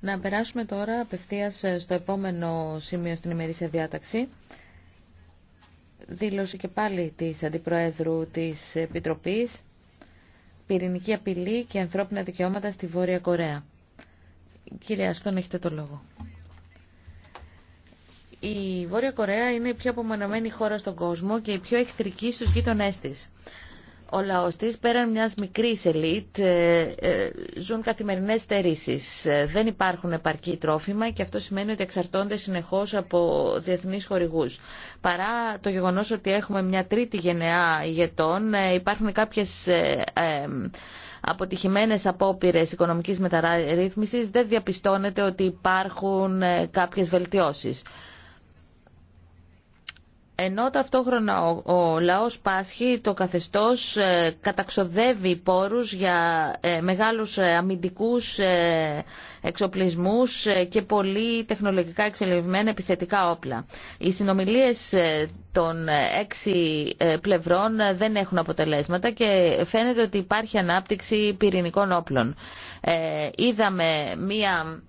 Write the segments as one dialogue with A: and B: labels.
A: Να περάσουμε τώρα απευθείας ε, στο επόμενο σημείο στην ημερήσια διάταξη. Δήλωση και πάλι της Αντιπροέδρου της Επιτροπής Πυρηνική Απειλή και Ανθρώπινα Δικαιώματα στη Βόρεια Κορέα. Κύριε Αστόν, έχετε το λόγο. Η Βόρεια Κορέα είναι η πιο απομονωμένη χώρα στον κόσμο και η πιο εχθρική στους γείτονές της. Ο λαός της, πέραν μιας μικρής ελίτ, ε, ε, ζουν καθημερινές στερήσεις. Ε, δεν υπάρχουν επαρκή τρόφιμα και αυτό σημαίνει ότι εξαρτώνται συνεχώς από διεθνείς χορηγούς. Παρά το γεγονός ότι έχουμε μια τρίτη γενεά ηγετών, υπάρχουν κάποιες αποτυχημένε απόπειρε οικονομική μεταρρύθμισης, δεν διαπιστώνεται ότι υπάρχουν κάποιες βελτιώσει ενώ ταυτόχρονα ο, ο λαός πάσχει, το καθεστώς ε, καταξοδεύει πόρους για ε, μεγάλους ε, αμυντικούς ε, εξοπλισμούς ε, και πολύ τεχνολογικά εξελιγμένα επιθετικά όπλα. Οι συνομιλίες ε, των έξι ε, πλευρών δεν έχουν αποτελέσματα και φαίνεται ότι υπάρχει ανάπτυξη πυρηνικών όπλων. είδαμε μία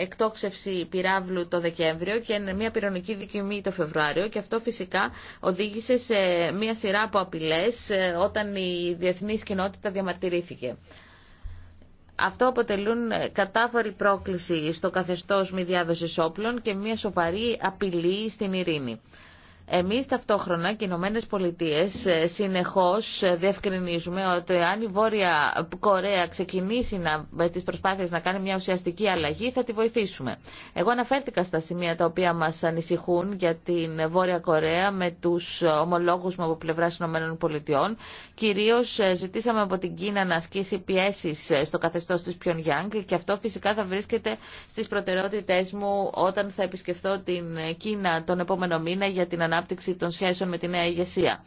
A: εκτόξευση πυράβλου το Δεκέμβριο και μία πυρονική δικημή το Φεβρουάριο και αυτό φυσικά οδήγησε σε μία σειρά από απειλές όταν η διεθνής κοινότητα διαμαρτυρήθηκε. Αυτό αποτελούν ε, κατάφορη πρόκληση στο καθεστώς μη διάδοσης όπλων και μια σοβαρή απειλή στην ειρήνη. Εμείς ταυτόχρονα και οι Ηνωμένε Πολιτείε ε, συνεχώς ε, διευκρινίζουμε ότι αν η Βόρεια Κορέα ξεκινήσει να, με τις προσπάθειες να κάνει μια ουσιαστική αλλαγή θα τη βοηθήσουμε. Εγώ αναφέρθηκα στα σημεία τα οποία μας ανησυχούν για την Βόρεια Κορέα με τους ομολόγους μου από πλευράς Ηνωμένων Πολιτειών. Κυρίως ε, ζητήσαμε από την Κίνα να ασκήσει πιέσεις στο καθεστώς της Πιονγιάνγκ και αυτό φυσικά θα βρίσκεται στις προτεραιότητές μου όταν θα επισκεφθώ την Κίνα τον επόμενο μήνα για την ανάπτυξη των σχέσεων με τη νέα ηγεσία.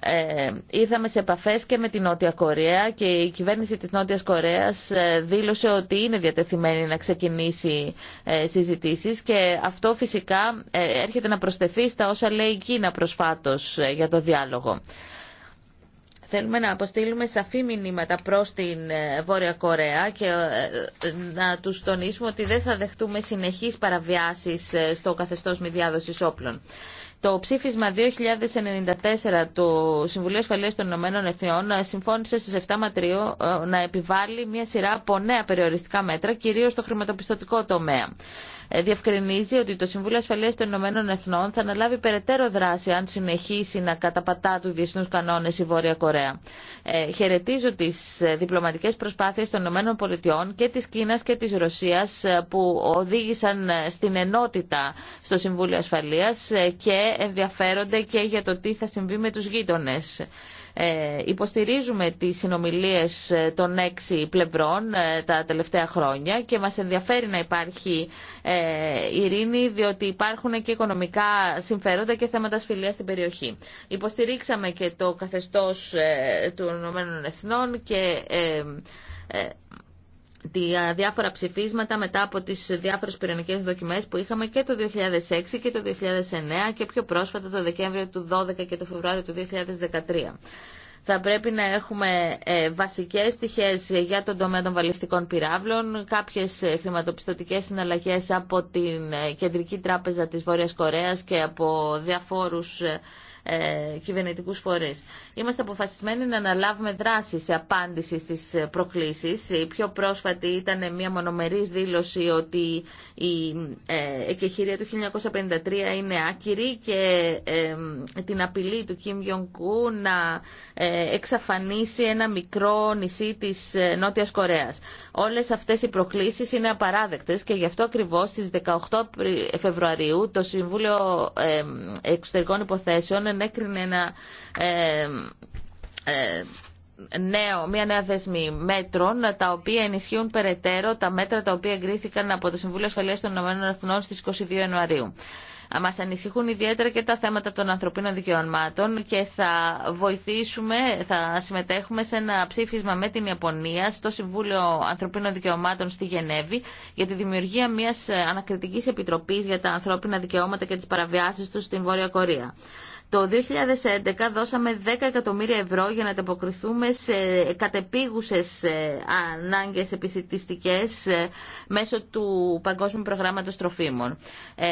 A: Ε, είδαμε σε επαφέ και με την Νότια Κορέα και η κυβέρνηση της Νότια Κορέα ε, δήλωσε ότι είναι διατεθειμένη να ξεκινήσει ε, συζητήσεις και αυτό φυσικά ε, έρχεται να προσθεθεί στα όσα λέει η Κίνα προσφάτως ε, για το διάλογο. Θέλουμε να αποστείλουμε σαφή μηνύματα προς την Βόρεια Κορέα και να του τονίσουμε ότι δεν θα δεχτούμε συνεχείς παραβιάσεις στο καθεστώ μη διάδοσης όπλων. Το ψήφισμα 2094 του Συμβουλίου Ασφαλείας των Ηνωμένων Εθνών συμφώνησε στις 7 Ματρίου ε, να επιβάλλει μια σειρά από νέα περιοριστικά μέτρα, κυρίως στο χρηματοπιστωτικό τομέα. Ε, διευκρινίζει ότι το Συμβούλιο Ασφαλείας των Ηνωμένων Εθνών θα αναλάβει περαιτέρω δράση αν συνεχίσει να καταπατά του διεθνού κανόνε η Βόρεια Κορέα. Ε, χαιρετίζω τι ε, διπλωματικέ προσπάθειε των Ηνωμένων Πολιτειών και τη Κίνα και τη Ρωσία, ε, που οδήγησαν στην ενότητα στο Συμβούλιο Ασφαλείας και ενδιαφέρονται και για το τι θα συμβεί με τους γείτονες. Ε, υποστηρίζουμε τις συνομιλίες ε, των έξι πλευρών ε, τα τελευταία χρόνια και μας ενδιαφέρει να υπάρχει ειρήνη διότι υπάρχουν και οικονομικά συμφέροντα και θέματα ασφυλίας στην περιοχή. Υποστηρίξαμε και το καθεστώς των Ηνωμένων Εθνών και τη διάφορα ψηφίσματα μετά από τις διάφορες πυρηνικές δοκιμές που είχαμε και το 2006 και το 2009 και πιο πρόσφατα το Δεκέμβριο του 2012 και το Φεβρουάριο του 2013. Θα πρέπει να έχουμε ε, βασικές πτυχές για τον τομέα των βαλιστικών πυράβλων, κάποιες ε, χρηματοπιστωτικές συναλλαγές από την ε, Κεντρική Τράπεζα της Βόρειας Κορέας και από διαφόρους ε, Κυβερνητικού φορεί. Είμαστε αποφασισμένοι να αναλάβουμε δράση σε απάντηση στι προκλήσεις. Η πιο πρόσφατη ήταν μια μονομερής δήλωση ότι η ε, εκεχηρία του 1953 είναι άκυρη και ε, την απειλή του Κιμ Γιονκού να εξαφανίσει ένα μικρό νησί της Νότιας Κορέας. Όλες αυτές οι προκλήσεις είναι απαράδεκτες και γι' αυτό ακριβώ στι 18 Φεβρουαρίου το Συμβούλιο Εξωτερικών Υποθέσεων ανέκρινε ένα ε, ε, νέο, μια νέα δέσμη μέτρων, τα οποία ενισχύουν περαιτέρω τα μέτρα τα οποία εγκρίθηκαν από το Συμβούλιο Ασφαλείας των Ηνωμένων Εθνών στις 22 Ιανουαρίου. Μα ανησυχούν ιδιαίτερα και τα θέματα των ανθρωπίνων δικαιωμάτων και θα βοηθήσουμε, θα συμμετέχουμε σε ένα ψήφισμα με την Ιαπωνία στο Συμβούλιο Ανθρωπίνων Δικαιωμάτων στη Γενέβη για τη δημιουργία μια ανακριτική επιτροπή για τα ανθρώπινα δικαιώματα και τι παραβιάσει του στην Βόρεια Κορία. Το 2011 δώσαμε 10 εκατομμύρια ευρώ για να ανταποκριθούμε σε κατεπίγουσες ε, ανάγκες επισητιστικές ε, μέσω του Παγκόσμιου Προγράμματος Τροφίμων. Ε,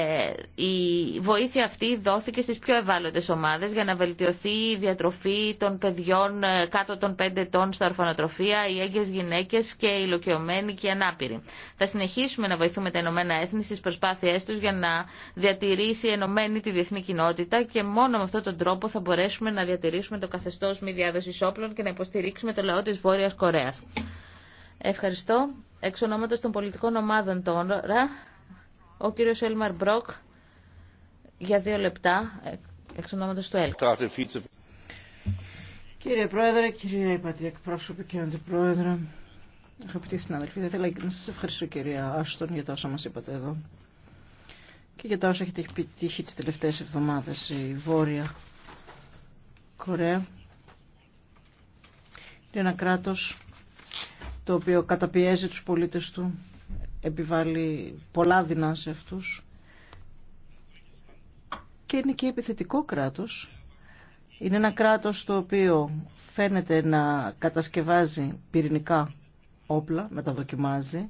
A: η βοήθεια αυτή δόθηκε στις πιο ευάλωτες ομάδες για να βελτιωθεί η διατροφή των παιδιών κάτω των 5 ετών στα ορφανοτροφία, οι έγκες γυναίκες και οι ηλικιωμένοι και οι ανάπηροι. Θα συνεχίσουμε να βοηθούμε τα Ηνωμένα Έθνη στις προσπάθειές τους για να διατηρήσει ενωμένη τη διεθνή κοινότητα και μόνο αυτόν τον τρόπο θα μπορέσουμε να διατηρήσουμε το καθεστώς μη διάδοση όπλων και να υποστηρίξουμε το λαό της Βόρειας Κορέας. Ευχαριστώ. Εξ ονόματος των πολιτικών ομάδων τώρα, ο κύριος Έλμαρ Μπρόκ για δύο λεπτά, εξ ονόματος του ΕΛΚ. Κύριε Πρόεδρε, κύριε
B: Υπατή, εκπρόσωπη και αντιπρόεδρε, αγαπητοί συνάδελφοι, θα ήθελα να σα ευχαριστώ κυρία Άστον για τα όσα μα είπατε εδώ και για τα όσα έχετε επιτύχει τις τελευταίες εβδομάδες η Βόρεια Κορέα. Είναι ένα κράτος το οποίο καταπιέζει τους πολίτες του, επιβάλλει πολλά δεινά σε αυτούς και είναι και επιθετικό κράτος. Είναι ένα κράτος το οποίο φαίνεται να κατασκευάζει πυρηνικά όπλα, να τα δοκιμάζει,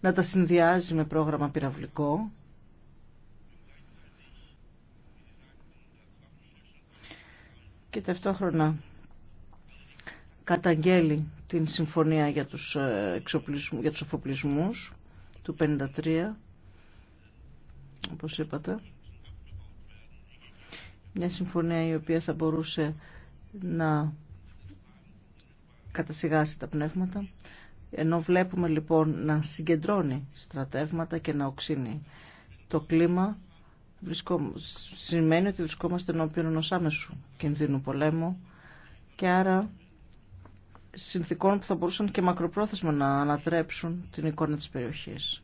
B: να τα συνδυάζει με πρόγραμμα πυραυλικό και ταυτόχρονα καταγγέλει την συμφωνία για τους, ε, εξοπλισμού, για τους του 53, όπως είπατε. Μια συμφωνία η οποία θα μπορούσε να κατασυγάσει τα πνεύματα, ενώ βλέπουμε λοιπόν να συγκεντρώνει στρατεύματα και να οξύνει το κλίμα βρισκό, σημαίνει ότι βρισκόμαστε ενώπιον ενός άμεσου κινδύνου πολέμου και άρα συνθήκων που θα μπορούσαν και μακροπρόθεσμα να ανατρέψουν την εικόνα της περιοχής.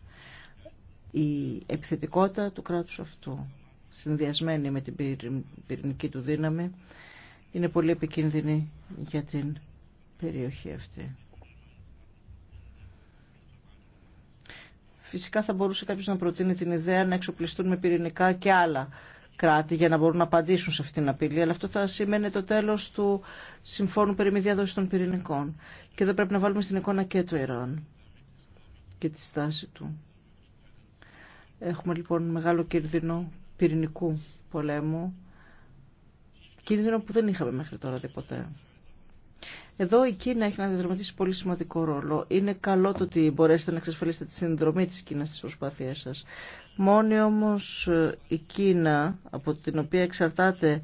B: Η επιθετικότητα του κράτους αυτού, συνδυασμένη με την πυρηνική του δύναμη, είναι πολύ επικίνδυνη για την περιοχή αυτή. Φυσικά θα μπορούσε κάποιο να προτείνει την ιδέα να εξοπλιστούν με πυρηνικά και άλλα κράτη για να μπορούν να απαντήσουν σε αυτήν την απειλή, αλλά αυτό θα σημαίνει το τέλο του Συμφώνου περί μη διάδοση των πυρηνικών. Και εδώ πρέπει να βάλουμε στην εικόνα και το Ιράν και τη στάση του. Έχουμε λοιπόν μεγάλο κίνδυνο πυρηνικού πολέμου, κίνδυνο που δεν είχαμε μέχρι τώρα ποτέ. Εδώ η Κίνα έχει να διαδραματίσει πολύ σημαντικό ρόλο. Είναι καλό το ότι μπορέσετε να εξασφαλίσετε τη συνδρομή της Κίνας στις προσπάθειές σας. Μόνο όμως ε, η Κίνα, από την οποία εξαρτάται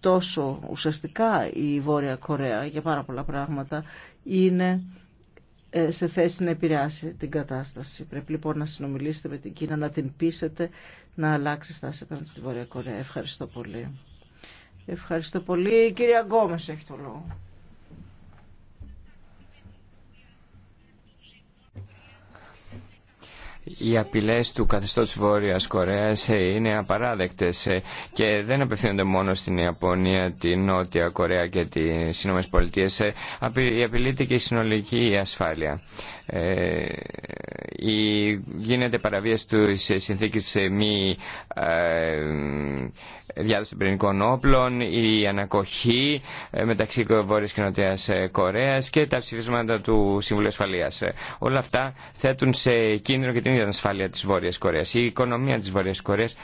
B: τόσο ουσιαστικά η Βόρεια Κορέα για πάρα πολλά πράγματα, είναι ε, σε θέση να επηρεάσει την κατάσταση. Πρέπει λοιπόν να συνομιλήσετε με την Κίνα, να την πείσετε να αλλάξει στάση απέναντι στη Βόρεια Κορέα. Ευχαριστώ πολύ. Ευχαριστώ πολύ. Η κυρία Γκόμες έχει το λόγο.
C: οι απειλές του καθεστώτος Βόρειας Κορέας ε, είναι απαράδεκτες ε, και δεν απευθύνονται μόνο στην Ιαπωνία, την Νότια Κορέα και τις Ηνωμένες Πολιτείες. Ε, απειλείται και η συνολική ασφάλεια. γίνεται παραβίαση του συνθήκης μη διάδοση πυρηνικών όπλων, η ανακοχή ε, μεταξύ Βόρειας και Νοτιάς ε, Κορέας και τα ψηφίσματα του Συμβουλίου Ασφαλείας. Ε, όλα αυτά θέτουν σε κίνδυνο και την ίδια ασφάλεια της Βόρειας Κορέας. Η οικονομία της Βόρειας Κορέας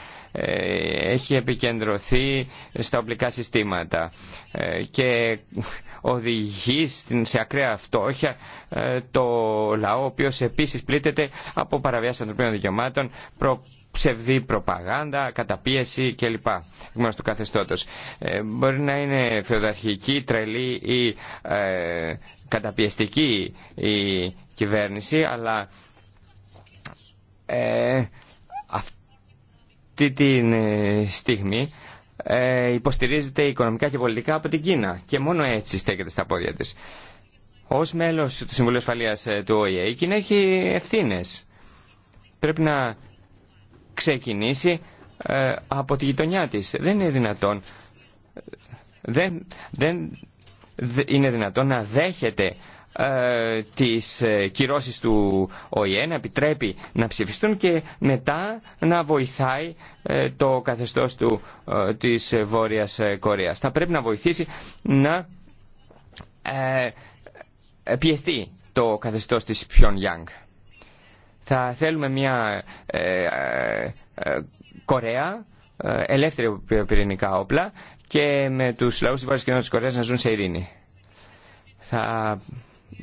C: έχει επικεντρωθεί στα οπλικά συστήματα και οδηγεί σε ακραία φτώχεια το λαό, ο οποίος επίσης πλήττεται από παραβιάσεις ανθρωπίνων δικαιωμάτων, προ ψευδή προπαγάνδα, καταπίεση κλπ. Γνωστού του Ε, μπορεί να είναι φεοδαρχική, τρελή ή ε, καταπιεστική η κυβέρνηση, αλλά ε, αυτή τη ε, στιγμή ε, υποστηρίζεται οικονομικά και πολιτικά από την Κίνα και μόνο έτσι στέκεται στα πόδια της. Ως μέλος του Συμβουλίου Ασφαλείας του ΟΗΕ η Κίνα έχει ευθύνες. Πρέπει να ξεκινήσει ε, από τη γειτονιά της. Δεν είναι δυνατόν. Δεν, δεν είναι δυνατόν να δέχεται ε, τις ε, κυρώσεις του ΟΗΕ, να επιτρέπει να ψηφιστούν και μετά να βοηθάει ε, το καθεστώς του, της Βόρειας Κορέας. Θα πρέπει να βοηθήσει να πιεστεί το καθεστώς της Πιον θα θέλουμε μια ε, ε Κορέα ε, ελεύθερη από πυρηνικά όπλα και με τους λαούς της Βόρειας της Κορέας να ζουν σε ειρήνη. Θα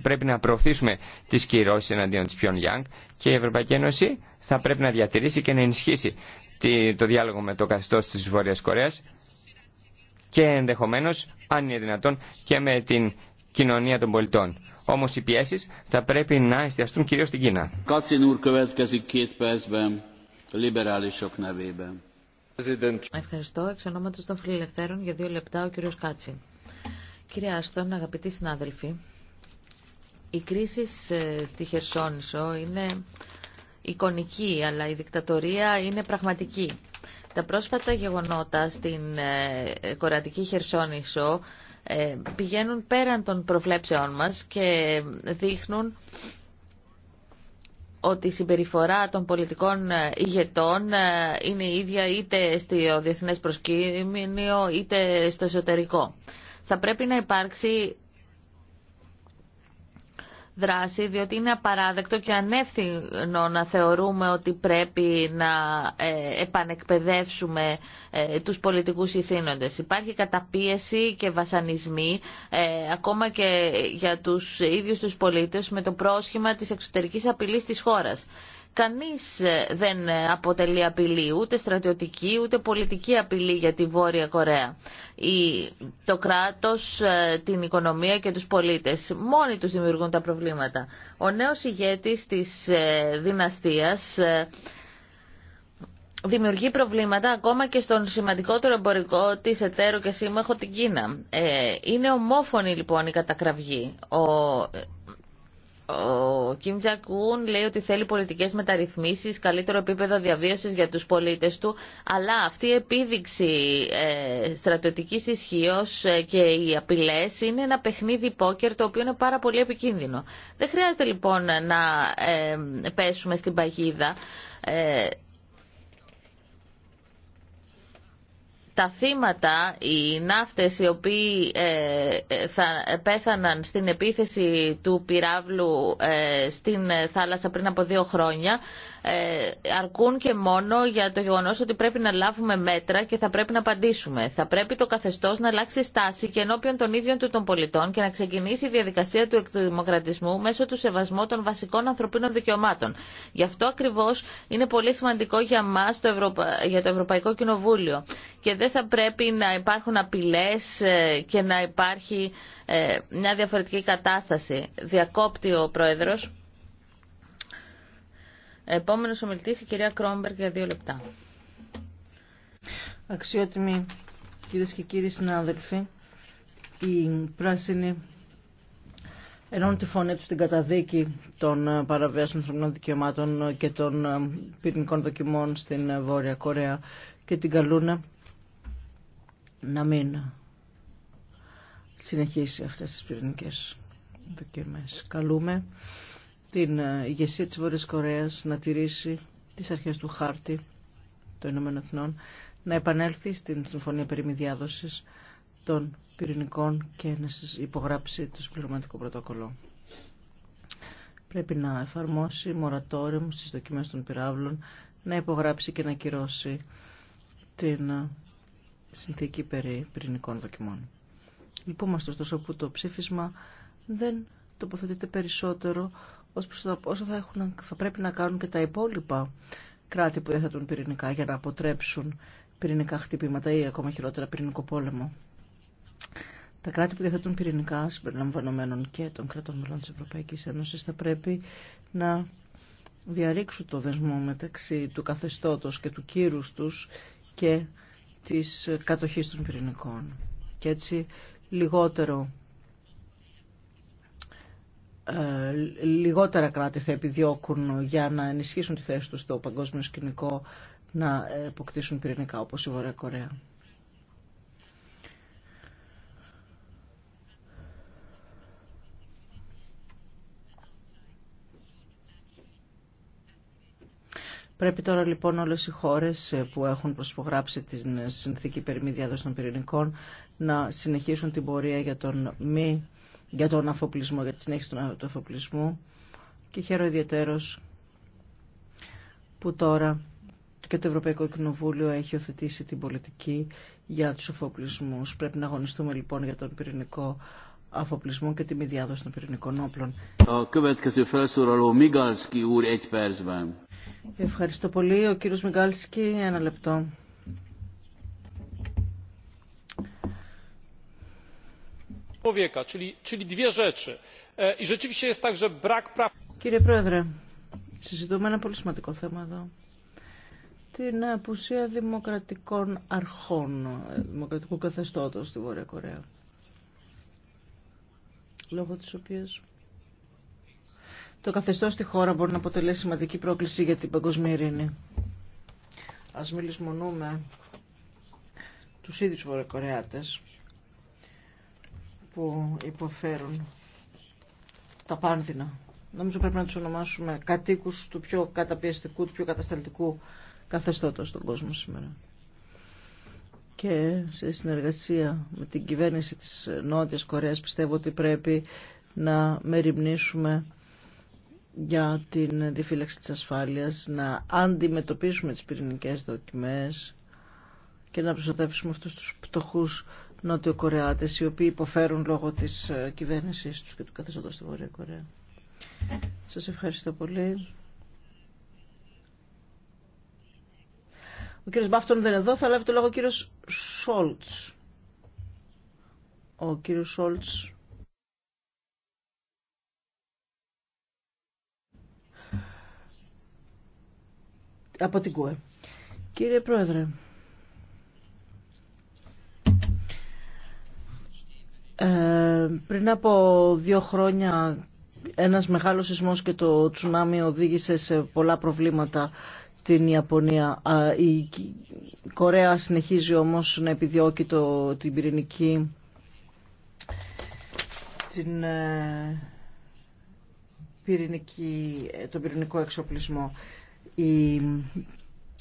C: πρέπει να προωθήσουμε τις κυρώσεις εναντίον της Πιον Γιάνγκ και η Ευρωπαϊκή Ένωση θα πρέπει να διατηρήσει και να ενισχύσει το διάλογο με το καθεστώς της Βόρειας Κορέας και ενδεχομένως, αν είναι δυνατόν, και με την κοινωνία των πολιτών. Όμως οι πιέσεις θα πρέπει να εστιαστούν κυρίως στην Κίνα.
A: Ευχαριστώ. Εξ ονόματος των φιλελευθέρων για δύο λεπτά ο κύριος Κάτσιν. Κύριε Άστον, αγαπητοί συνάδελφοι, η κρίση ε, στη Χερσόνησο είναι εικονική, αλλά η δικτατορία είναι πραγματική. Τα πρόσφατα γεγονότα στην ε, ε, κορατική Χερσόνησο ε, πηγαίνουν πέραν των προβλέψεών μας και δείχνουν ότι η συμπεριφορά των πολιτικών ε, ηγετών ε, είναι η ίδια είτε στο διεθνές προσκήνιο είτε στο εσωτερικό. Θα πρέπει να υπάρξει δράση, διότι είναι απαράδεκτο και ανεύθυνο να θεωρούμε ότι πρέπει να ε, επανεκπαιδεύσουμε ε, τους πολιτικούς ηθήνοντες. Υπάρχει καταπίεση και βασανισμοί, ε, ακόμα και για τους ίδιους τους πολίτες, με το πρόσχημα της εξωτερικής απειλής της χώρας. Κανείς ε, δεν ε, αποτελεί απειλή, ούτε στρατιωτική, ούτε πολιτική απειλή για τη Βόρεια Κορέα. Η, το κράτος, ε, την οικονομία και τους πολίτες μόνοι τους δημιουργούν τα προβλήματα. Ο νέος ηγέτης της δυναστείας δημιουργεί προβλήματα ακόμα και στον σημαντικότερο εμπορικό της εταίρου και σύμμαχο την Κίνα. είναι ομόφωνη λοιπόν η κατακραυγή. Ο ο Κιμ Τζακούν λέει ότι θέλει πολιτικές μεταρρυθμίσεις, καλύτερο επίπεδο διαβίωσης για τους πολίτες του, αλλά αυτή η επίδειξη ε, στρατιωτικής ισχύως ε, και οι απειλές είναι ένα παιχνίδι πόκερ το οποίο είναι πάρα πολύ επικίνδυνο. Δεν χρειάζεται λοιπόν να ε, πέσουμε στην παγίδα. Ε, τα θύματα, οι ναύτες οι οποίοι ε, ε, θα πέθαναν στην επίθεση του πυράβλου ε, στην θάλασσα πριν από δύο χρόνια ε, αρκούν και μόνο για το γεγονό ότι πρέπει να λάβουμε μέτρα και θα πρέπει να απαντήσουμε. Θα πρέπει το καθεστώ να αλλάξει στάση και ενώπιον των ίδιων του των πολιτών και να ξεκινήσει η διαδικασία του εκδημοκρατισμού μέσω του σεβασμού των βασικών ανθρωπίνων δικαιωμάτων. Γι' αυτό ακριβώ είναι πολύ σημαντικό για μα, για το Ευρωπαϊκό Κοινοβούλιο. Και δεν θα πρέπει να υπάρχουν απειλέ ε, και να υπάρχει ε, μια διαφορετική κατάσταση. Διακόπτει ο Πρόεδρος. Επόμενος ομιλητής, η κυρία Κρόμπερ, για δύο λεπτά. Αξιότιμοι
B: κυρίες και κύριοι συνάδελφοι, η πράσινοι ενώνουν τη φωνή τους στην καταδίκη των ε, παραβιάσεων ανθρωπινών δικαιωμάτων ε, και των ε, πυρηνικών δοκιμών στην Βόρεια Κορέα και την καλούν να μην συνεχίσει αυτές τις πυρηνικές δοκιμές. Καλούμε την ε, ηγεσία της Βόρειας Κορέας να τηρήσει τις αρχές του χάρτη των Ηνωμένων Εθνών, να επανέλθει στην Συμφωνία περιμιδιάδοση των Πυρηνικών και να υπογράψει το συμπληρωματικό πρωτόκολλο. Πρέπει να εφαρμόσει μορατόριο στις δοκιμές των πυράβλων, να υπογράψει και να κυρώσει την ε, συνθήκη περί πυρηνικών δοκιμών. Λυπούμαστε ωστόσο που το ψήφισμα δεν τοποθετείται περισσότερο όσο πόσο θα, έχουν, πρέπει να κάνουν και τα υπόλοιπα κράτη που διαθέτουν πυρηνικά για να αποτρέψουν πυρηνικά χτυπήματα ή ακόμα χειρότερα πυρηνικό πόλεμο. Τα κράτη που διαθέτουν πυρηνικά, συμπεριλαμβανομένων και των κρατών μελών της Ευρωπαϊκής Ένωσης, θα πρέπει να διαρρήξουν το δεσμό μεταξύ του καθεστώτος και του κύρους τους και τη κατοχή των πυρηνικών. Και έτσι λιγότερο ε, λιγότερα κράτη θα επιδιώκουν για να ενισχύσουν τη θέση τους στο παγκόσμιο σκηνικό να αποκτήσουν πυρηνικά όπως η Βορεια Κορέα. Πρέπει τώρα λοιπόν όλες οι χώρες που έχουν προσπογράψει τη συνθήκη περί διάδοση των πυρηνικών να συνεχίσουν την πορεία για τον μη για τον αφοπλισμό, για τη συνέχιση του αφοπλισμού και χαίρομαι ιδιαίτερος που τώρα και το Ευρωπαϊκό Κοινοβούλιο έχει οθετήσει την πολιτική για τους αφοπλισμούς. Πρέπει να αγωνιστούμε λοιπόν για τον πυρηνικό αφοπλισμό και τη μη διάδοση των πυρηνικών όπλων. Ευχαριστώ πολύ. Ο κύριος Μιγκάλσκι, ένα λεπτό. Κύριε Πρόεδρε, συζητούμε ένα πολύ σημαντικό θέμα εδώ. Την απουσία δημοκρατικών αρχών, δημοκρατικού καθεστώτος στη Βόρεια Κορέα. Λόγω της οποίας το καθεστώς στη χώρα μπορεί να αποτελέσει σημαντική πρόκληση για την παγκοσμία ειρήνη. Ας μιλισμονούμε τους ίδιους Βορειοκορεάτες που υποφέρουν τα πάνδυνα. Νομίζω πρέπει να τους ονομάσουμε κατοίκους του πιο καταπιεστικού, του πιο κατασταλτικού καθεστώτος στον κόσμο σήμερα. Και σε συνεργασία με την κυβέρνηση της Νότιας Κορέας πιστεύω ότι πρέπει να μεριμνήσουμε για την διαφύλαξη της ασφάλειας, να αντιμετωπίσουμε τις πυρηνικές δοκιμές και να προστατεύσουμε αυτούς τους πτωχούς Νότιο-Κορεάτες οι οποίοι υποφέρουν λόγω της ε, κυβέρνησής τους και του καθεστώτος στη Βόρεια Κορέα. Σας ευχαριστώ πολύ. Ο κύριος Μπάφτον δεν είναι εδώ, θα λάβει το λόγο ο κύριος Σόλτς. Ο κύριος Σόλτς από την ΚΟΕ. Κύριε Πρόεδρε, Ε, πριν από δύο χρόνια ένας μεγάλος σεισμός και το τσουνάμι οδήγησε σε πολλά προβλήματα την Ιαπωνία. Ε, η Κορέα συνεχίζει όμως να επιδιώκει το, την πυρηνική την, ε, πυρηνική, τον πυρηνικό εξοπλισμό.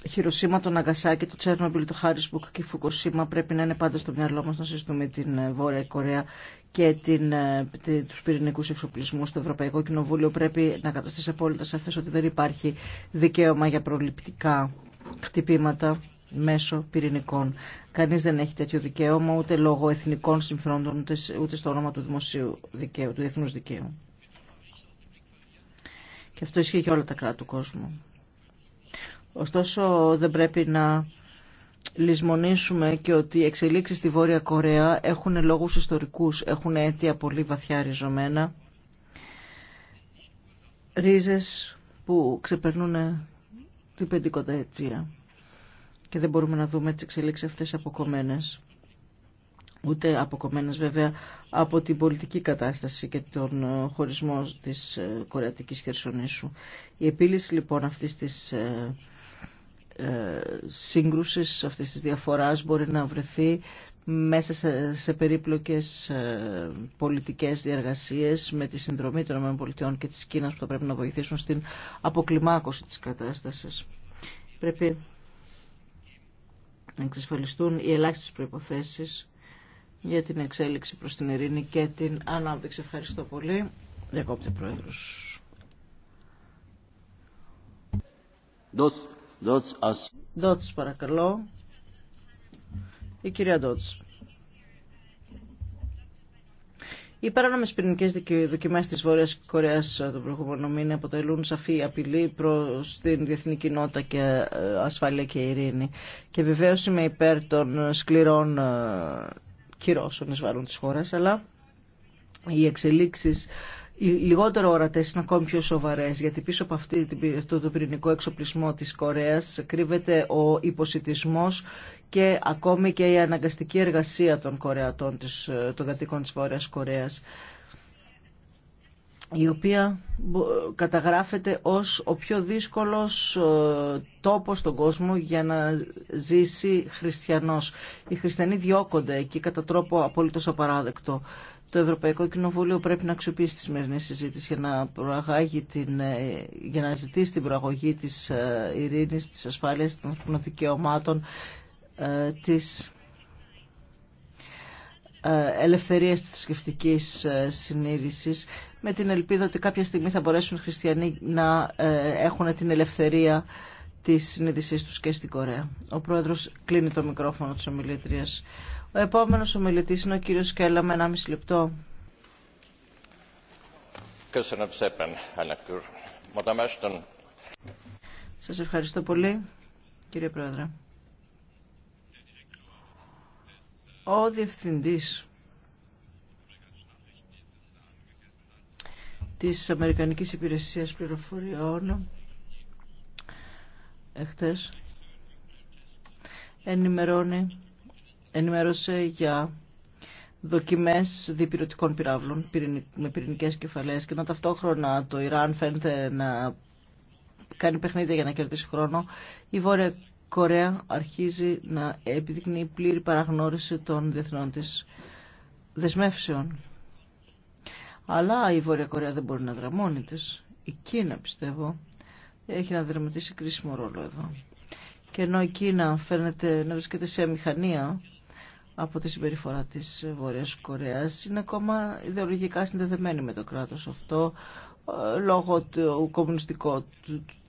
B: Χειροσήμα το Ναγκασάκι, το Τσέρνομπιλ, το Χάρισμπουκ και η Φουκοσίμα πρέπει να είναι πάντα στο μυαλό μας να συζητούμε την ε, Βόρεια Κορέα και την, ε, τους πυρηνικούς εξοπλισμούς στο Ευρωπαϊκό Κοινοβούλιο πρέπει να καταστήσει απόλυτα σαφές ότι δεν υπάρχει δικαίωμα για προληπτικά χτυπήματα μέσω πυρηνικών. Κανείς δεν έχει τέτοιο δικαίωμα ούτε λόγω εθνικών συμφερόντων ούτε, στο όνομα του δημοσίου δικαίου, του διεθνούς δικαίου. Και αυτό ισχύει για όλα τα κράτη του κόσμου. Ωστόσο δεν πρέπει να λησμονήσουμε και ότι οι εξελίξεις στη Βόρεια Κορέα έχουν λόγους ιστορικούς, έχουν αίτια πολύ βαθιά ριζωμένα, ρίζες που ξεπερνούν την πεντηκονταετία και δεν μπορούμε να δούμε τις εξελίξεις αυτές αποκομμένες ούτε αποκομμένες βέβαια από την πολιτική κατάσταση και τον χωρισμό της ε, κορεατικής χερσονήσου. Η επίλυση λοιπόν αυτής της ε, ε, σύγκρουσης, αυτής της διαφοράς μπορεί να βρεθεί μέσα σε, περίπλοκες ε, πολιτικές με τη συνδρομή των ΗΠΑ και της Κίνας που θα πρέπει να βοηθήσουν στην αποκλιμάκωση της κατάστασης. Πρέπει να εξασφαλιστούν οι ελάχιστες προϋποθέσεις για την εξέλιξη προς την ειρήνη και την ανάπτυξη. Ευχαριστώ πολύ. Διακόπτε Πρόεδρος. Δότς, παρακαλώ. Η κυρία Δότς. Οι παράνομε πυρηνικέ δοκιμέ τη Βόρεια Κορέα ε, τον προηγούμενο μήνα αποτελούν σαφή απειλή προ την διεθνή κοινότητα και ε, ασφάλεια και ειρήνη. Και βεβαίω είμαι υπέρ των σκληρών ε, κυρώσεων εισβάλλων τη χώρα, αλλά οι εξελίξει οι λιγότερο ορατέ είναι ακόμη πιο σοβαρέ, γιατί πίσω από αυτή το, το πυρηνικό εξοπλισμό της Κορέας κρύβεται ο υποσυτισμό και ακόμη και η αναγκαστική εργασία των Κορεατών, της, των κατοίκων της Βόρεια Κορέας η οποία καταγράφεται ως ο πιο δύσκολος ε, τόπος στον κόσμο για να ζήσει χριστιανός. Οι χριστιανοί διώκονται εκεί κατά τρόπο απολύτως απαράδεκτο το Ευρωπαϊκό Κοινοβούλιο πρέπει να αξιοποιήσει τη σημερινή συζήτηση για να, προαγάγει την, ε, για να ζητήσει την προαγωγή της ε, ειρήνης, της ασφάλειας, των δικαιωμάτων, ε, της ελευθερίας της θρησκευτική συνείδησης με την ελπίδα ότι κάποια στιγμή θα μπορέσουν οι χριστιανοί να έχουν την ελευθερία της συνείδησής τους και στην Κορέα. Ο πρόεδρος κλείνει το μικρόφωνο της ομιλήτριας. Ο επόμενος ομιλητής είναι ο κύριος Κέλλα με 1,5 λεπτό. Σας ευχαριστώ πολύ, κύριε Πρόεδρε. Ο Διευθυντής της Αμερικανικής Υπηρεσίας Πληροφοριών εχθές ενημερώνει ενημέρωσε για δοκιμές διπυρωτικών πυράβλων με πυρηνικές κεφαλές και να ταυτόχρονα το Ιράν φαίνεται να κάνει παιχνίδια για να κερδίσει χρόνο. Η Βόρεια Κορέα αρχίζει να επιδεικνύει πλήρη παραγνώριση των διεθνών της δεσμεύσεων. Αλλά η Βόρεια Κορέα δεν μπορεί να δραμώνει της. Η Κίνα πιστεύω έχει να δραματίσει κρίσιμο ρόλο εδώ. Και ενώ η Κίνα φαίνεται να βρίσκεται σε αμηχανία από τη συμπεριφορά της Βόρειας Κορέας είναι ακόμα ιδεολογικά συνδεδεμένη με το κράτος αυτό ε, λόγω του κομμουνιστικού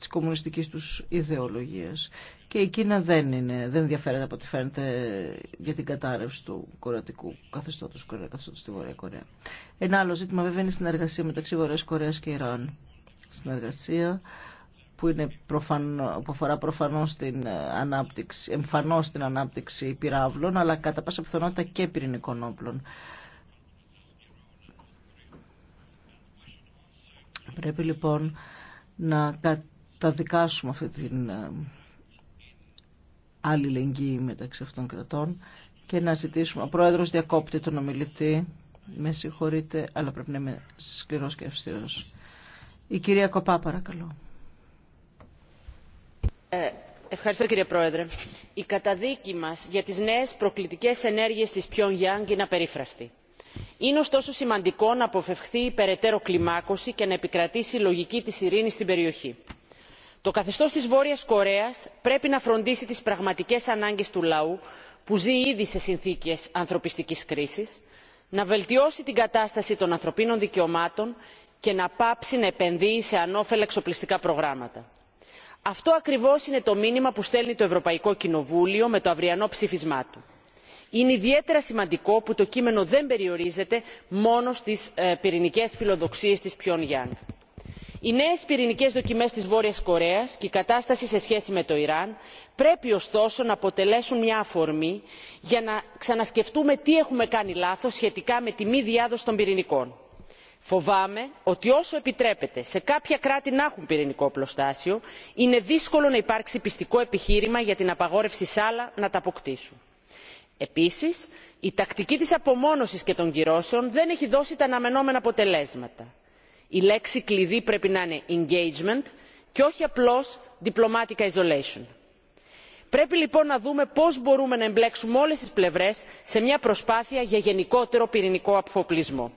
B: της κομμουνιστικής τους ιδεολογίας. Και η Κίνα δεν, είναι, δεν ενδιαφέρεται από ό,τι φαίνεται για την κατάρρευση του κορεατικού καθεστώτος, καθεστώτος στη Βόρεια Κορέα. Ένα άλλο ζήτημα βέβαια είναι η συνεργασία μεταξύ Βορειάς Κορέας και Ιράν. Συνεργασία που, είναι προφανώς, αφορά προφανώς την ε, ανάπτυξη, εμφανώς την ανάπτυξη πυράβλων, αλλά κατά πάσα πιθανότητα και πυρηνικών όπλων. Πρέπει λοιπόν να καταδικάσουμε αυτή την ε, αλληλεγγύη μεταξύ αυτών των κρατών και να ζητήσουμε. Ο Πρόεδρος διακόπτει τον ομιλητή. Με συγχωρείτε, αλλά πρέπει να είμαι σκληρός και αυστηρός. Η κυρία Κοπά, παρακαλώ.
D: Ε, ευχαριστώ κύριε Πρόεδρε. Η καταδίκη μα για τις νέες προκλητικές ενέργειες της Pyongyang είναι απερίφραστη. Είναι ωστόσο σημαντικό να αποφευχθεί η περαιτέρω κλιμάκωση και να επικρατήσει η λογική τη ειρήνης στην περιοχή. Το καθεστώ της βόρεια Κορέα πρέπει να φροντίσει τι πραγματικέ ανάγκε του λαού που ζει ήδη σε συνθήκες ανθρωπιστική κρίσης, να βελτιώσει την κατάσταση των ανθρωπίνων δικαιωμάτων και να πάψει να επενδύει σε ανώφελα εξοπλιστικά προγράμματα αυτό ακριβώς είναι το μήνυμα που στέλνει το ευρωπαϊκό κοινοβούλιο με το αυριανό ψήφισμά του. είναι ιδιαίτερα σημαντικό που το κείμενο δεν περιορίζεται μόνο στις ε, πυρηνικές φιλοδοξίες της πιονγκιάνγκ. οι νέες πυρηνικές δοκιμές της βόρειας κορέας και η κατάσταση σε σχέση με το ιράν πρέπει ωστόσο να αποτελέσουν μια αφορμή για να ξανασκεφτούμε τι έχουμε κάνει λάθος σχετικά με τη μη διάδοση των πυρηνικών φοβάμαι ότι όσο επιτρέπεται σε κάποια κράτη να έχουν πυρηνικό οπλοστάσιο είναι δύσκολο να υπάρξει πιστικό επιχείρημα για την απαγόρευση σε άλλα να τα αποκτήσουν. επίσης η τακτική της απομόνωσης και των κυρώσεων δεν έχει δώσει τα αναμενόμενα αποτελέσματα. η λέξη κλειδί πρέπει να είναι engagement και όχι απλώς diplomatic isolation. πρέπει λοιπόν να δούμε πώς μπορούμε να εμπλέξουμε όλες τις πλευρές σε μια προσπάθεια για γενικότερο πυρηνικό αφοπλισμό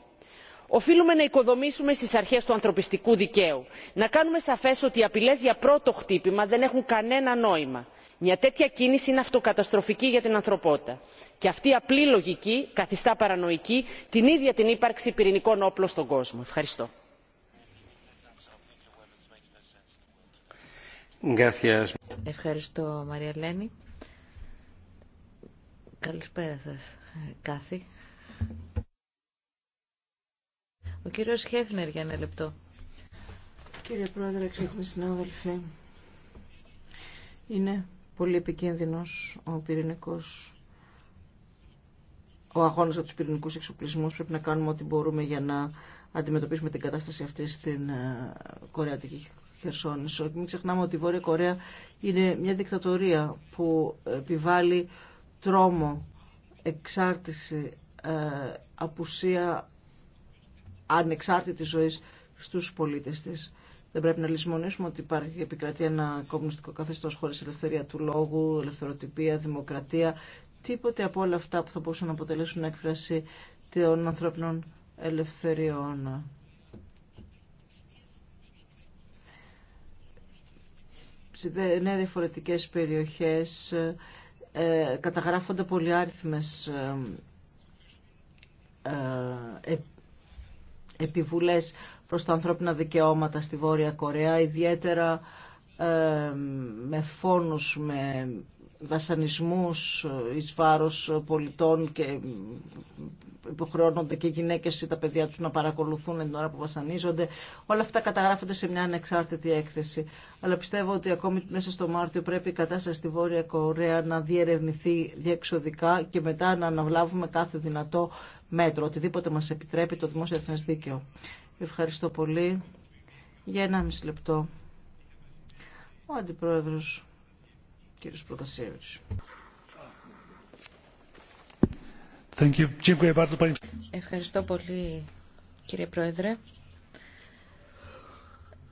D: οφείλουμε να οικοδομήσουμε στι αρχέ του ανθρωπιστικού δικαίου να κάνουμε σαφέ ότι οι απειλέ για πρώτο χτύπημα δεν έχουν κανένα νόημα. μια τέτοια κίνηση είναι αυτοκαταστροφική για την ανθρωπότητα και αυτή η απλή λογική καθιστά παρανοϊκή την ίδια την ύπαρξη πυρηνικών όπλων στον κόσμο. ευχαριστώ.
A: Καλησπέρα σας Κάθη. Ο κύριος Χέφνερ για ένα λεπτό. Κύριε Πρόεδρε, την συνάδελφοι.
B: Είναι πολύ επικίνδυνος ο πυρηνικός ο αγώνα για του πυρηνικού εξοπλισμού. Πρέπει να κάνουμε ό,τι μπορούμε για να αντιμετωπίσουμε την κατάσταση αυτή στην ε, Κορεατική Χερσόνησο. Μην ξεχνάμε ότι η Βόρεια Κορέα είναι μια δικτατορία που επιβάλλει τρόμο, εξάρτηση, ε, απουσία ανεξάρτητης ζωής στους πολίτες της. Δεν πρέπει να λησμονήσουμε ότι υπάρχει επικρατεί ένα κομμουνιστικό καθεστώς χωρίς ελευθερία του λόγου, ελευθεροτυπία, δημοκρατία, τίποτε από όλα αυτά που θα μπορούσαν να αποτελέσουν έκφραση των ανθρώπινων ελευθεριών. Σε νέα διαφορετικές περιοχές ε, καταγράφονται πολυάριθμες ε, ε, επιβουλές προς τα ανθρώπινα δικαιώματα στη Βόρεια Κορέα, ιδιαίτερα ε, με φόνους, με βασανισμούς εις βάρος πολιτών και υποχρεώνονται και οι γυναίκες ή τα παιδιά τους να παρακολουθούν την ώρα που βασανίζονται. Όλα αυτά καταγράφονται σε μια ανεξάρτητη έκθεση. Αλλά πιστεύω ότι ακόμη μέσα στο Μάρτιο πρέπει η κατάσταση στη Βόρεια Κορέα να διερευνηθεί διεξοδικά και μετά να αναβλάβουμε κάθε δυνατό μέτρο, οτιδήποτε μας επιτρέπει το Δημόσιο Εθνές Δίκαιο. Ευχαριστώ πολύ. Για μισή λεπτό. Ο Αντιπρόεδρος κύριος
A: Ευχαριστώ πολύ κύριε Πρόεδρε.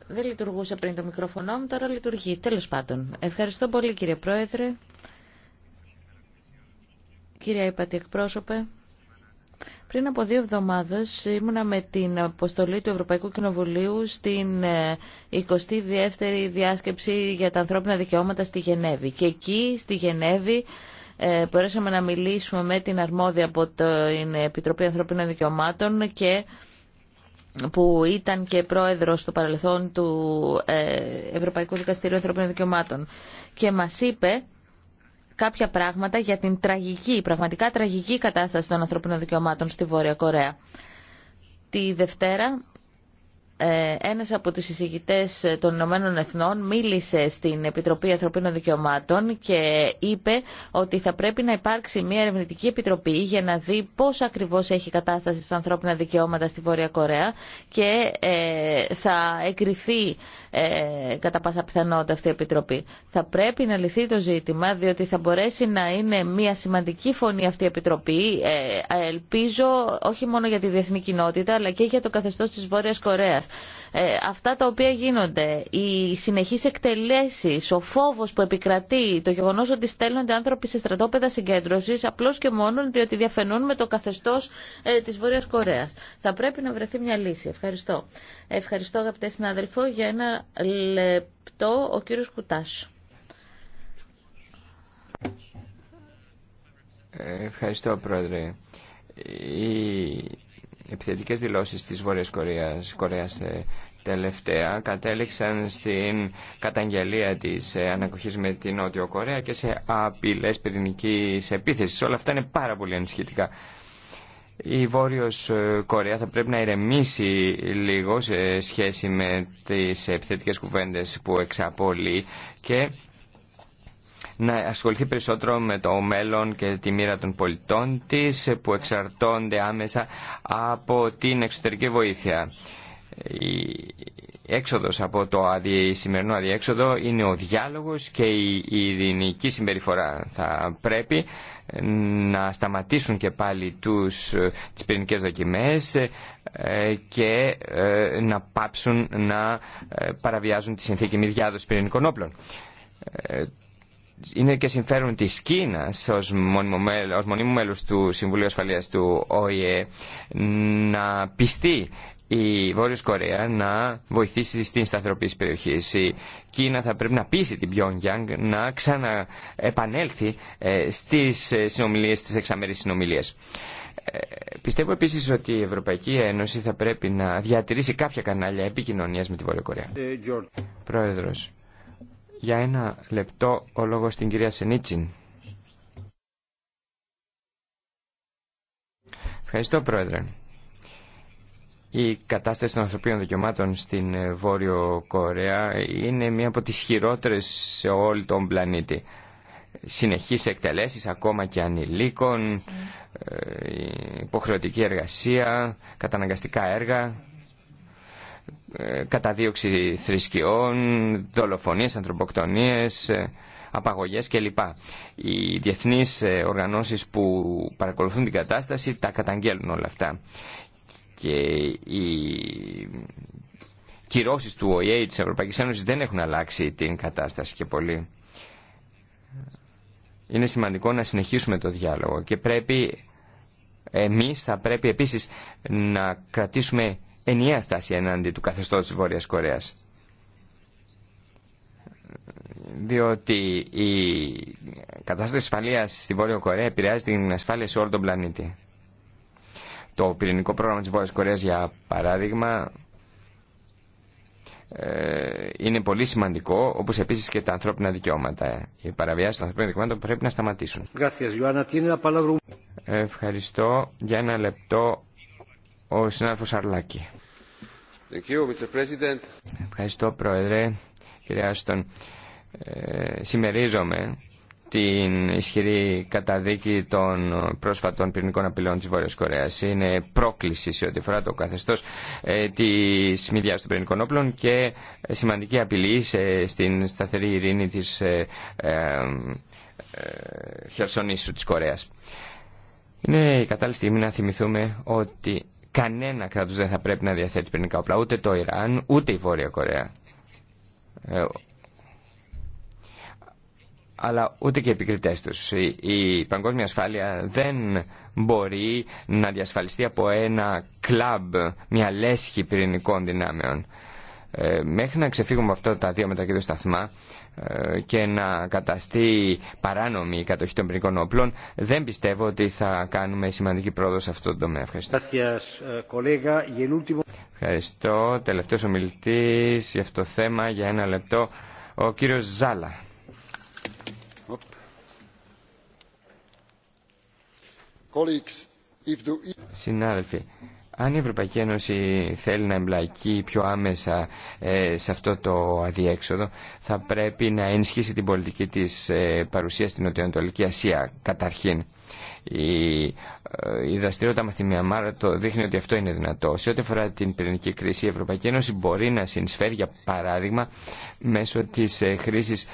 A: Δεν λειτουργούσε πριν το μικρόφωνο μου, τώρα λειτουργεί. Τέλος πάντων. Ευχαριστώ πολύ κύριε Πρόεδρε. κύριε Υπατή εκπρόσωπε, πριν από δύο εβδομάδες ήμουνα με την αποστολή του Ευρωπαϊκού Κοινοβουλίου στην 22η ε, διάσκεψη για τα ανθρώπινα δικαιώματα στη Γενέβη. Και εκεί στη Γενέβη ε, μπορέσαμε να μιλήσουμε με την αρμόδια από την Επιτροπή Ανθρώπινων Δικαιωμάτων και που ήταν και πρόεδρος στο παρελθόν του ε, Ευρωπαϊκού Δικαστηρίου Ανθρώπινων Δικαιωμάτων. Και μας είπε κάποια πράγματα για την τραγική, πραγματικά τραγική κατάσταση των ανθρωπίνων δικαιωμάτων στη Βόρεια Κορέα. Τη Δευτέρα ε, ένας από τους εισηγητές ε, των Ηνωμένων Εθνών μίλησε στην Επιτροπή Ανθρωπίνων Δικαιωμάτων και είπε ότι θα πρέπει να υπάρξει μια ερευνητική επιτροπή για να δει πώς ακριβώς έχει κατάσταση στα ανθρώπινα δικαιώματα στη Βόρεια Κορέα και ε, θα εκριθεί κατά πάσα πιθανότητα αυτή η Επιτροπή. Θα πρέπει να λυθεί το ζήτημα, διότι θα μπορέσει να είναι μια σημαντική φωνή αυτή η Επιτροπή, ελπίζω όχι μόνο για τη διεθνή κοινότητα, αλλά και για το καθεστώς της Βόρειας Κορέα. Ε, αυτά τα οποία γίνονται, οι συνεχείς εκτελέσεις, ο φόβος που επικρατεί, το γεγονός ότι στέλνονται άνθρωποι σε στρατόπεδα συγκέντρωσης απλώς και μόνο διότι διαφαινούν με το καθεστώς ε, της Βόρειας Κορέας. Θα πρέπει να βρεθεί μια λύση. Ευχαριστώ. Ευχαριστώ αγαπητέ συνάδελφο για ένα λεπτό ο κύριος Κουτάς.
C: Ευχαριστώ πρόεδρε επιθετικές δηλώσεις της Βόρειας Κορέας, Κορέας ε, τελευταία κατέληξαν στην καταγγελία της ε, ανακοχής με την Νότιο Κορέα και σε απειλές πυρηνικής επίθεσης. Όλα αυτά είναι πάρα πολύ ανησυχητικά. Η Βόρειος ε, Κορέα θα πρέπει να ηρεμήσει λίγο σε σχέση με τις επιθετικές κουβέντες που εξαπολύει και να ασχοληθεί περισσότερο με το μέλλον και τη μοίρα των πολιτών της που εξαρτώνται άμεσα από την εξωτερική βοήθεια. Η έξοδος από το αδι... σημερινό αδιέξοδο είναι ο διάλογος και η, ειρηνική συμπεριφορά. Θα πρέπει να σταματήσουν και πάλι τους, τις πυρηνικές δοκιμές ε, και ε, να πάψουν να ε, παραβιάζουν τη συνθήκη μη διάδοση πυρηνικών όπλων είναι και συμφέρον τη Κίνα, ω μονίμου μέλου του Συμβουλίου ασφαλεία του ΟΗΕ να πιστεί η Βόρειο Κορέα να βοηθήσει στην σταθεροποίηση περιοχή περιοχής. Η Κίνα θα πρέπει να πείσει την Πιονγκιανγκ να ξαναεπανέλθει ε, στις ε, συνομιλίες, στι εξαμερεί συνομιλίες. Ε, πιστεύω επίση ότι η Ευρωπαϊκή Ένωση θα πρέπει να διατηρήσει κάποια κανάλια επικοινωνία με τη Βόρεια Κορέα. Για ένα λεπτό ο λόγος στην κυρία Σενίτσιν. Ευχαριστώ πρόεδρε. Η κατάσταση των ανθρωπίνων δικαιωμάτων στην Βόρειο Κορέα είναι μία από τις χειρότερες σε όλη τον πλανήτη. Συνεχείς εκτελέσεις ακόμα και ανηλίκων, ε, υποχρεωτική εργασία, καταναγκαστικά έργα ε, καταδίωξη θρησκειών, δολοφονίες, ανθρωποκτονίες, ε, απαγωγές κλπ. Οι διεθνείς ε, οργανώσεις που παρακολουθούν την κατάσταση τα καταγγέλνουν όλα αυτά. Και οι κυρώσεις του ΟΗΕ της Ευρωπαϊκής Ένωσης δεν έχουν αλλάξει την κατάσταση και πολύ. Είναι σημαντικό να συνεχίσουμε το διάλογο και πρέπει εμείς θα πρέπει επίσης να κρατήσουμε ενιαία στάση εναντί του καθεστώτος της Βόρειας Κορέας. Διότι η κατάσταση ασφαλείας στη Βόρεια Κορέα επηρεάζει την ασφάλεια σε όλο τον πλανήτη. Το πυρηνικό πρόγραμμα της Βόρειας Κορέας, για παράδειγμα, ε, είναι πολύ σημαντικό, όπω επίση και τα ανθρώπινα δικαιώματα. Οι παραβιάσει των ανθρώπινων δικαιωμάτων πρέπει να σταματήσουν. Ευχαριστώ. Για ένα λεπτό ο συνάδελφος Αρλάκη. Ευχαριστώ Πρόεδρε, κυρία Άστον. Ε, συμμερίζομαι την ισχυρή καταδίκη των πρόσφατων πυρηνικών απειλών της Βόρειας Κορέας. Είναι πρόκληση σε ό,τι αφορά το καθεστώς ε, της μηδιάς των πυρηνικών όπλων και σημαντική απειλή στην σταθερή ειρήνη της ε, ε, ε, Χερσονήσου της Κορέας. Είναι η κατάλληλη στιγμή να θυμηθούμε ότι Κανένα κράτο δεν θα πρέπει να διαθέτει πυρηνικά όπλα, ούτε το Ιράν, ούτε η Βόρεια Κορέα. Ε, αλλά ούτε και οι επικριτές τους. Η, η παγκόσμια ασφάλεια δεν μπορεί να διασφαλιστεί από ένα κλαμπ, μια λέσχη πυρηνικών δυνάμεων. Ε, μέχρι να ξεφύγουμε από αυτά τα δύο μετρακίδια σταθμά ε, και να καταστεί παράνομη η κατοχή των πυρικών όπλων, δεν πιστεύω ότι θα κάνουμε σημαντική πρόοδο σε αυτό το τομέα. Ευχαριστώ. Ε, Ευχαριστώ. Τελευταίος ομιλητής για αυτό το θέμα για ένα λεπτό, ο κύριος Ζάλα. Συνάδελφοι, αν η Ευρωπαϊκή Ένωση θέλει να εμπλακεί πιο άμεσα ε, σε αυτό το αδιέξοδο, θα πρέπει να ενισχύσει την πολιτική της ε, παρουσίας στην Νοτιοανατολική Ασία, καταρχήν. Η, ε, η δραστηριότητα μας στη Μιαμάρα το δείχνει ότι αυτό είναι δυνατό. Σε ό,τι αφορά την πυρηνική κρίση, η Ευρωπαϊκή Ένωση μπορεί να συνεισφέρει, για παράδειγμα, μέσω της χρήσης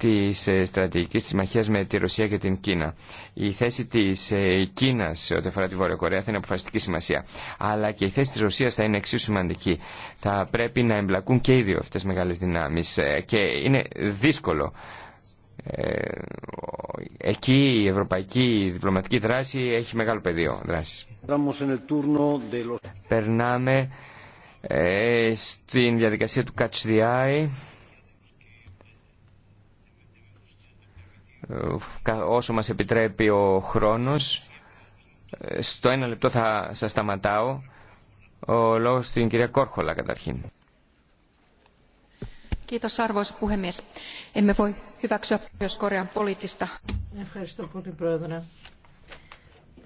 C: της ε, στρατηγικής συμμαχίας με τη Ρωσία και την Κίνα. Η θέση της ε, Κίνας ό,τι αφορά τη Βόρεια Κορέα θα είναι αποφασιστική σημασία. Αλλά και η θέση της Ρωσίας θα είναι εξίσου σημαντική. Θα πρέπει να εμπλακούν και οι δύο αυτές μεγάλες δυνάμεις. Ε, και είναι δύσκολο. Εκεί η ευρωπαϊκή διπλωματική δράση έχει μεγάλο πεδίο δράση. Περνάμε στην διαδικασία του Catch the Eye. όσο μας επιτρέπει ο χρόνος. Ε, στο ένα λεπτό θα σας σταματάω. Ο λόγος στην κυρία Κόρχολα καταρχήν.
B: Ευχαριστώ πολύ, Πρόεδρε.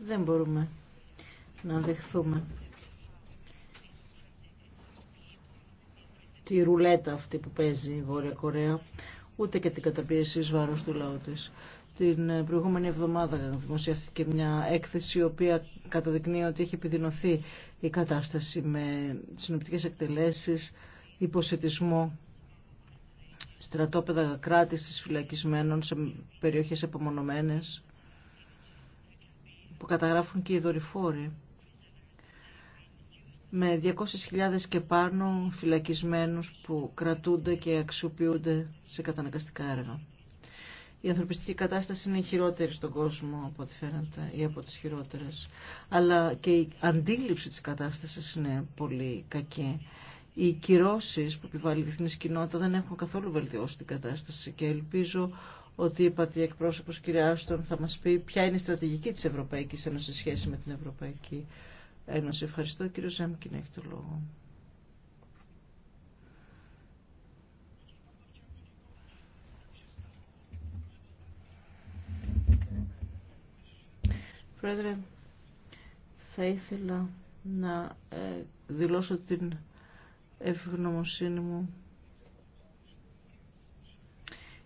B: Δεν μπορούμε να δεχθούμε τη ρουλέτα αυτή που παίζει η Βόρεια Κορέα ούτε και την καταπίεση εις βάρος του λαού της. Την ε, προηγούμενη εβδομάδα δημοσιεύθηκε μια έκθεση η οποία καταδεικνύει ότι έχει επιδεινωθεί η κατάσταση με συνοπτικές εκτελέσεις, υποσυτισμό, στρατόπεδα κράτησης φυλακισμένων σε περιοχές απομονωμένες που καταγράφουν και οι δορυφόροι με 200.000 και πάνω φυλακισμένους που κρατούνται και αξιοποιούνται σε καταναγκαστικά έργα. Η ανθρωπιστική κατάσταση είναι χειρότερη στον κόσμο από ό,τι φαίνεται ή από τις χειρότερες. Αλλά και η αντίληψη της κατάστασης είναι πολύ κακή. Οι κυρώσει που επιβάλλει η διεθνή κοινότητα δεν έχουν καθόλου βελτιώσει την κατάσταση και ελπίζω ότι η πατή εκπρόσωπος κυρία Άστον θα μας πει ποια είναι η στρατηγική της Ευρωπαϊκής Ένωσης σε σχέση με την Ευρωπαϊκή Ένωση. Ευχαριστώ. Κύριο Ζέμκιν έχει το λόγο. Πρόεδρε, θα ήθελα να ε, δηλώσω την ευγνωμοσύνη μου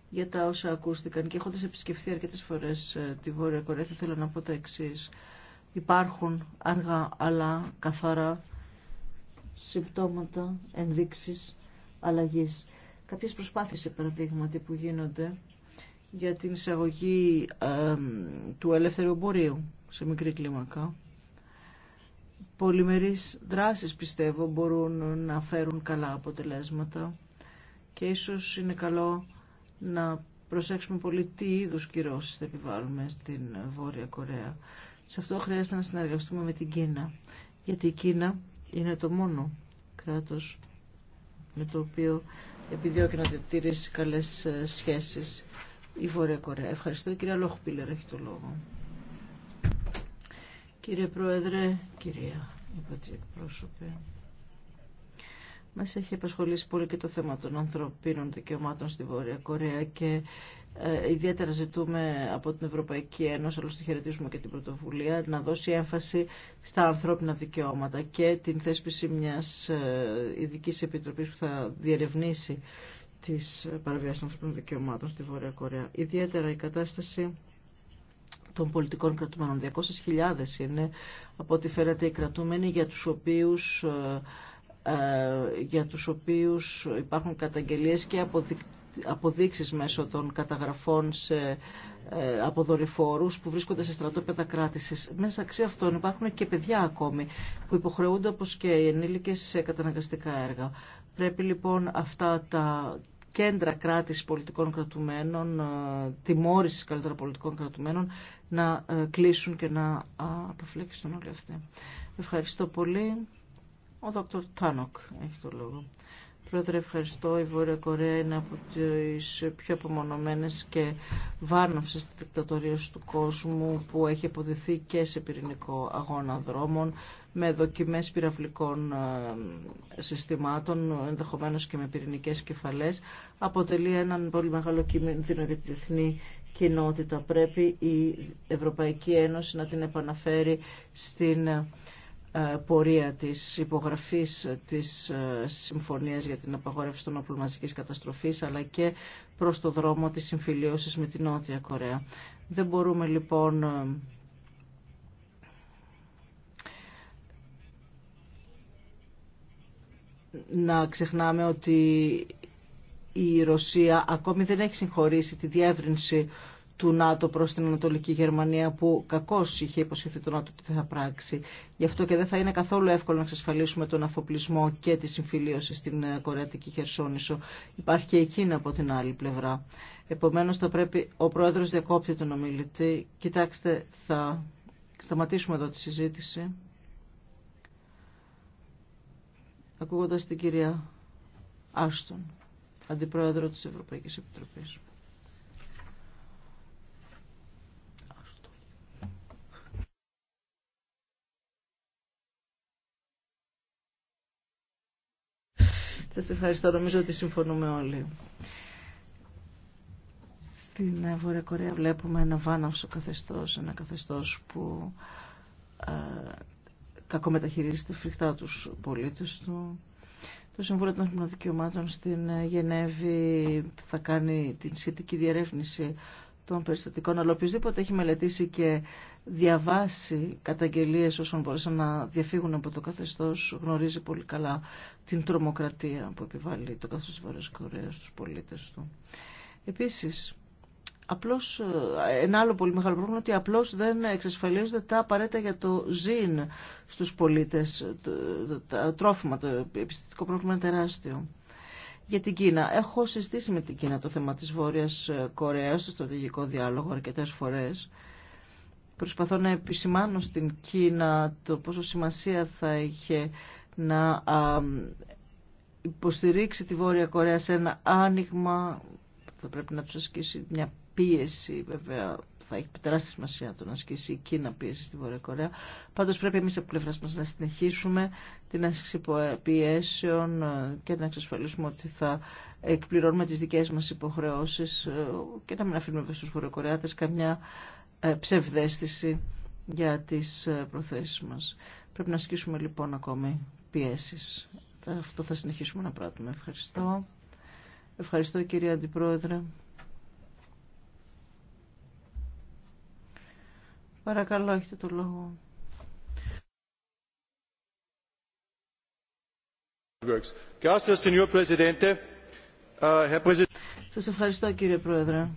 B: για τα όσα ακούστηκαν και έχοντας επισκεφθεί αρκετές φορές ε, τη Βόρεια Κορέα θα θέλω να πω τα εξής υπάρχουν αργά αλλά καθαρά συμπτώματα, ενδείξεις αλλαγής. Κάποιες προσπάθειες, παραδείγματι, που γίνονται για την εισαγωγή του ελεύθερου εμπορίου σε μικρή κλίμακα. Πολυμερείς δράσεις, πιστεύω, μπορούν να φέρουν καλά αποτελέσματα και ίσως είναι καλό να προσέξουμε πολύ τι είδους κυρώσεις θα επιβάλλουμε στην Βόρεια Κορέα. Σε αυτό χρειάζεται να συνεργαστούμε με την Κίνα. Γιατί η Κίνα είναι το μόνο κράτος με το οποίο επιδιώκει να διατηρήσει καλές ε, σχέσεις η Βόρεια Κορέα. Ευχαριστώ. Κυρία Λόχπιλερ έχει το λόγο. Κύριε Πρόεδρε, κυρία Υπατή εκπρόσωπε, μας έχει απασχολήσει πολύ και το θέμα των ανθρωπίνων δικαιωμάτων στη Βόρεια Κορέα και ε, ιδιαίτερα ζητούμε από την Ευρωπαϊκή Ένωση, αλλά τη χαιρετίζουμε και την πρωτοβουλία, να δώσει έμφαση στα ανθρώπινα δικαιώματα και την θέσπιση μιας ε, ειδική επιτροπής που θα διερευνήσει τις παραβιάσεις των ανθρώπινων δικαιωμάτων στη Βόρεια Κορέα. Ιδιαίτερα η κατάσταση των πολιτικών κρατουμένων. 200.000 είναι από ό,τι φαίνεται οι κρατούμενοι για τους οποίους ε, για τους οποίους υπάρχουν καταγγελίες και από αποδείξεις μέσω των καταγραφών σε ε, από που βρίσκονται σε στρατόπεδα κράτησης. Μέσα ναι, αξία αυτών υπάρχουν και παιδιά ακόμη που υποχρεούνται όπως και οι ενήλικες σε καταναγκαστικά έργα. Πρέπει λοιπόν αυτά τα κέντρα κράτησης πολιτικών κρατουμένων, ε, τιμώρησης καλύτερα πολιτικών κρατουμένων, να ε, κλείσουν και να αποφλέξουν όλοι αυτοί. Ευχαριστώ πολύ. Ο Δόκτωρ Τάνοκ έχει το λόγο. Πρόεδρε, ευχαριστώ. Η Βόρεια Κορέα είναι από τι πιο απομονωμένε και τη δικτατορίε του κόσμου που έχει αποδειθεί και σε πυρηνικό αγώνα δρόμων με δοκιμές πυραυλικών ε, συστημάτων, ενδεχομένως και με πυρηνικές κεφαλές, αποτελεί έναν πολύ μεγάλο κίνδυνο για τη διεθνή κοινότητα. Πρέπει η Ευρωπαϊκή Ένωση να την επαναφέρει στην ε, ε, πορεία της υπογραφής της ε, συμφωνίας για την απαγόρευση των όπλων καταστροφής αλλά και προς το δρόμο της συμφιλίωσης με την Νότια Κορέα. Δεν μπορούμε λοιπόν ε, να ξεχνάμε ότι η Ρωσία ακόμη δεν έχει συγχωρήσει τη διεύρυνση του ΝΑΤΟ προ την Ανατολική Γερμανία που κακώ είχε υποσχεθεί το ΝΑΤΟ ότι θα πράξει. Γι' αυτό και δεν θα είναι καθόλου εύκολο να εξασφαλίσουμε τον αφοπλισμό και τη συμφιλίωση στην ε, Κορεατική Χερσόνησο. Υπάρχει και εκείνη από την άλλη πλευρά. Επομένως θα πρέπει ο Πρόεδρος διακόπτει τον ομιλητή. Κοιτάξτε, θα σταματήσουμε εδώ τη συζήτηση. Ακούγοντα την κυρία Άστον, Αντιπρόεδρο τη Ευρωπαϊκή Επιτροπή. Σας ευχαριστώ. Νομίζω ότι συμφωνούμε όλοι. Στην Βόρεια Κορέα βλέπουμε ένα βάναυσο καθεστώς, ένα καθεστώς που ε, κακομεταχειρίζεται φρικτά τους πολίτες του. Το Συμβούλιο των Εθνικών Δικαιωμάτων στην Γενέβη θα κάνει την σχετική διερεύνηση των περιστατικών, αλλά οποιοδήποτε έχει μελετήσει και διαβάσει καταγγελίες όσων μπορούσαν να διαφύγουν από το καθεστώς, γνωρίζει πολύ καλά την τρομοκρατία που επιβάλλει το καθεστώς της Βορειάς Κορέας στους πολίτες του. Επίσης, απλώς, ένα άλλο πολύ μεγάλο πρόβλημα ότι απλώς δεν εξασφαλίζονται τα απαραίτητα για το ζήν στους πολίτες. Το, τρόφιμα, το επιστημικό πρόβλημα είναι τεράστιο για την Κίνα. Έχω συζητήσει με την Κίνα το θέμα της Βόρειας Κορέας στο στρατηγικό διάλογο αρκετές φορές. Προσπαθώ να επισημάνω στην Κίνα το πόσο σημασία θα είχε να υποστηρίξει τη Βόρεια Κορέα σε ένα άνοιγμα. Θα πρέπει να τους ασκήσει μια πίεση βέβαια θα έχει τεράστια σημασία το να ασκήσει η Κίνα πίεση στη Βόρεια Κορέα. Πάντως πρέπει εμείς από πλευρά μας να συνεχίσουμε την άσκηση πιέσεων ε, και να εξασφαλίσουμε ότι θα εκπληρώνουμε τις δικές μας υποχρεώσεις ε, και να μην αφήνουμε στους Βορειοκορεάτες καμιά ε, ψευδέστηση για τις προθέσεις μας. Πρέπει να ασκήσουμε λοιπόν ακόμη πιέσεις. Αυτό θα συνεχίσουμε να πράττουμε. Ευχαριστώ. Ευχαριστώ κύριε Αντιπρόεδρε. Παρακαλώ, έχετε το λόγο. Uh, Σας ευχαριστώ κύριε Πρόεδρε.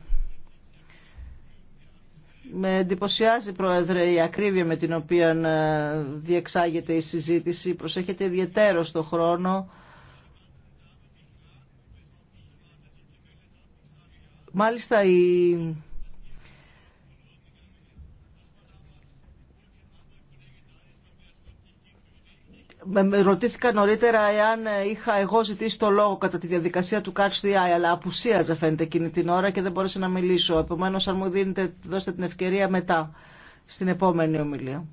B: Με εντυπωσιάζει, Πρόεδρε, η ακρίβεια με την οποία ε, διεξάγεται η συζήτηση. Προσέχετε ιδιαίτερο στο χρόνο. Μάλιστα η με ρωτήθηκα νωρίτερα εάν ε, είχα εγώ ζητήσει το λόγο κατά τη διαδικασία του Catch the Eye, αλλά απουσίαζε φαίνεται εκείνη την ώρα και δεν μπόρεσα να μιλήσω. Επομένω, αν μου δίνετε, δώστε την ευκαιρία μετά, στην επόμενη ομιλία.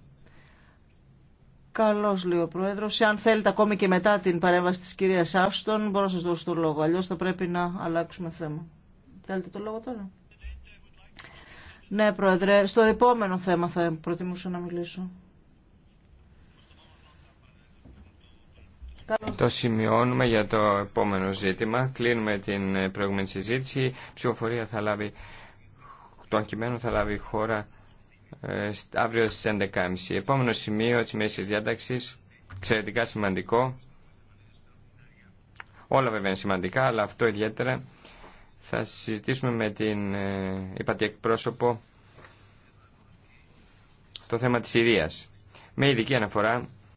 B: Καλώ, λέει ο Πρόεδρο. Εάν θέλετε, ακόμη και μετά την παρέμβαση τη κυρία Άστον, μπορώ να σα δώσω το λόγο. Αλλιώ θα πρέπει να αλλάξουμε θέμα. Θέλετε το λόγο τώρα. Ναι, Πρόεδρε. Στο επόμενο θέμα θα προτιμούσα να μιλήσω.
C: Το σημειώνουμε για το επόμενο ζήτημα. Κλείνουμε την ε, προηγούμενη συζήτηση. ψηφοφορία θα λάβει, το αγκημένο θα λάβει η χώρα ε, αύριο στις 11.30. Επόμενο σημείο της μέσης διάταξης, εξαιρετικά σημαντικό. Όλα βέβαια είναι σημαντικά, αλλά αυτό ιδιαίτερα. Θα συζητήσουμε με την ε, υπατή εκπρόσωπο το θέμα της Συρίας. Με ειδική αναφορά